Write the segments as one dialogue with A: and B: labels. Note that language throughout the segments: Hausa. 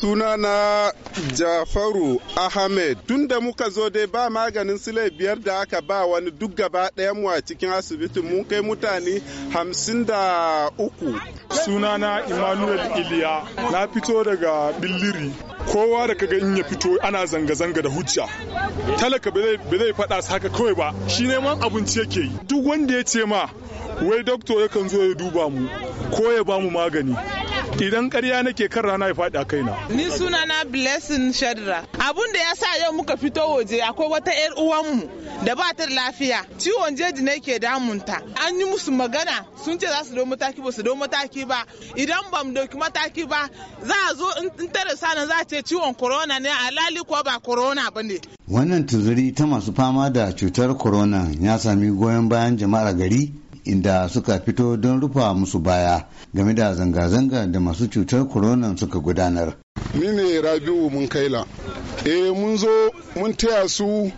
A: Suna na Jafaru Ahmed tun da muka zo dai ba maganin sile biyar da aka ba wani duk gaba ɗaya mu a cikin asibitin mun kai mutane hamsin da uku. Suna na Emmanuel Iliya na fito daga Billiri kowa da kaga in ya fito ana zanga-zanga da hujja talaka ba zai faɗa haka kawai ba shi neman abinci yake yi duk wanda ya ce ma wai doktor yakan zo ya duba mu ko ya ba mu magani idan karya nake kan rana ya faɗi a kaina. Ni suna na Blessing Shadra. Abun da ya sa yau muka fito waje akwai wata 'yar uwanmu da ba ta lafiya. Ciwon jeji ne ke damunta. An yi musu magana sun ce za su do mataki ba su do mataki ba. Idan ba mu dauki mataki ba za a zo in tare sana za a ce ciwon corona ne alali ko ba corona ba ne.
B: Wannan tuzuri ta masu fama da cutar corona ya sami goyon bayan jama'ar gari inda suka fito don rufa musu baya game da zanga-zanga da masu cutar corona suka gudanar.
A: Ni ne Rabiu Munkaila. Eh mun zo mun taya su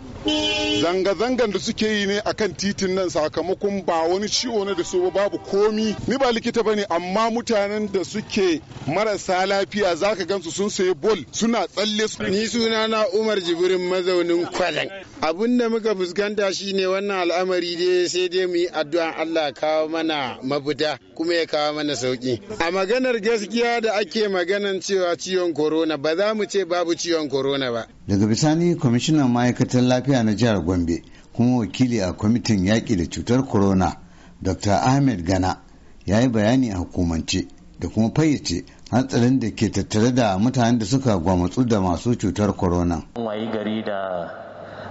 A: zanga-zangan da suke yi ne a kan titin nan sakamakon ba wani ciwo na da su ba babu komi ni ba likita ba ne, amma mutanen da suke marasa lafiya za zaka gansu sun
B: sayi bol suna tsalle su ni suna na Umar jibirin mazaunin Kwalan abin da muka fuskanta shine wannan al'amari dai sai dai mu yi addu'an Allah kawo mana mafita kuma ya kawo mana sauki a maganar gaskiya da ake maganan cewa ciwon corona ba za mu ce babu ciwon corona ba daga bisani kwamishinan ma'aikatan lafiya lafiya na jihar gombe kuma wakili a kwamitin yaƙi da cutar corona dr ahmed gana ya yi bayani a hukumance da kuma fayyace hatsarin da ke tattare da mutanen da suka gwamutsu da masu cutar corona.
C: wayi gari da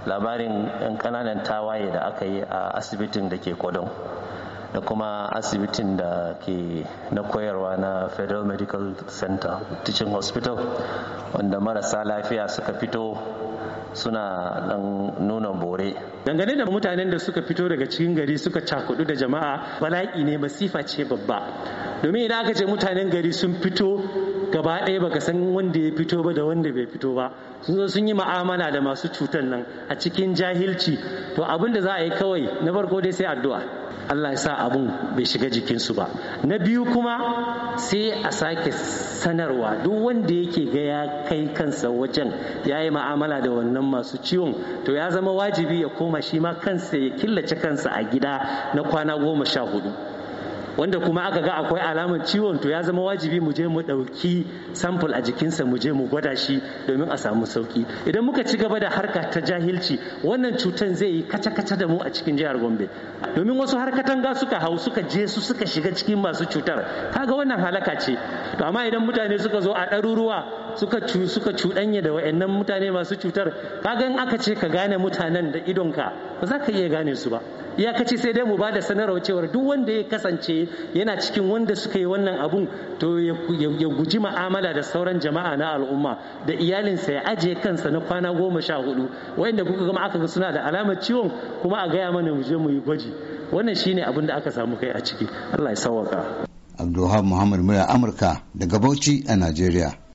C: labarin 'yan kananan tawaye da aka yi a asibitin da ke kodon da kuma asibitin da ke na koyarwa na federal medical center teaching hospital wanda marasa lafiya suka fito suna dan nuna bore dangane da mutanen da suka fito daga cikin gari suka cakudu da jama'a bala'i ne masifa ce babba domin idan aka ce mutanen gari sun fito gaba ɗaya baka san wanda ya fito ba da wanda bai fito ba sun zo sun yi ma'amala da masu cutar nan a cikin jahilci to abin da za a yi kawai na farko dai sai addu'a Allah ya sa abun bai shiga jikinsu ba na biyu kuma sai a sake sanarwa duk wanda yake ga ya kai kansa wajen ya yi ma'amala da wannan masu ciwon to ya zama wajibi ya koma shi ma kansa ya killace kansa a gida na kwana goma sha hudu wanda kuma aka ga akwai alamar ciwon to ya zama wajibi mu je mu ɗauki sample a jikinsa mu je mu gwada shi domin a samu sauki idan muka ci gaba da harka ta jahilci wannan cutar zai yi kaca-kaca da mu a cikin jihar gombe domin wasu harkatan ga suka hau suka je su suka shiga cikin masu cutar kaga wannan halaka ce to amma idan mutane suka zo a ɗaruruwa suka cu suka cuɗanya da wayannan mutane masu cutar kaga in aka ce ka gane mutanen da idonka ba za ka iya gane su ba iyakaci sai dai mu ba da sanarwa cewar duk wanda ya kasance yana cikin wanda suka yi wannan abun to ya guji ma'amala da sauran jama'a na al'umma da iyalinsa ya ajiye kansa na kwana goma sha hudu wayanda kuka gama aka ga suna da alamar ciwon kuma a gaya mana mu je mu yi gwaji wannan shine abin da aka samu kai a ciki
B: Allah ya sawaka Abdulhamid Muhammad Mura Amurka daga Bauchi a Najeriya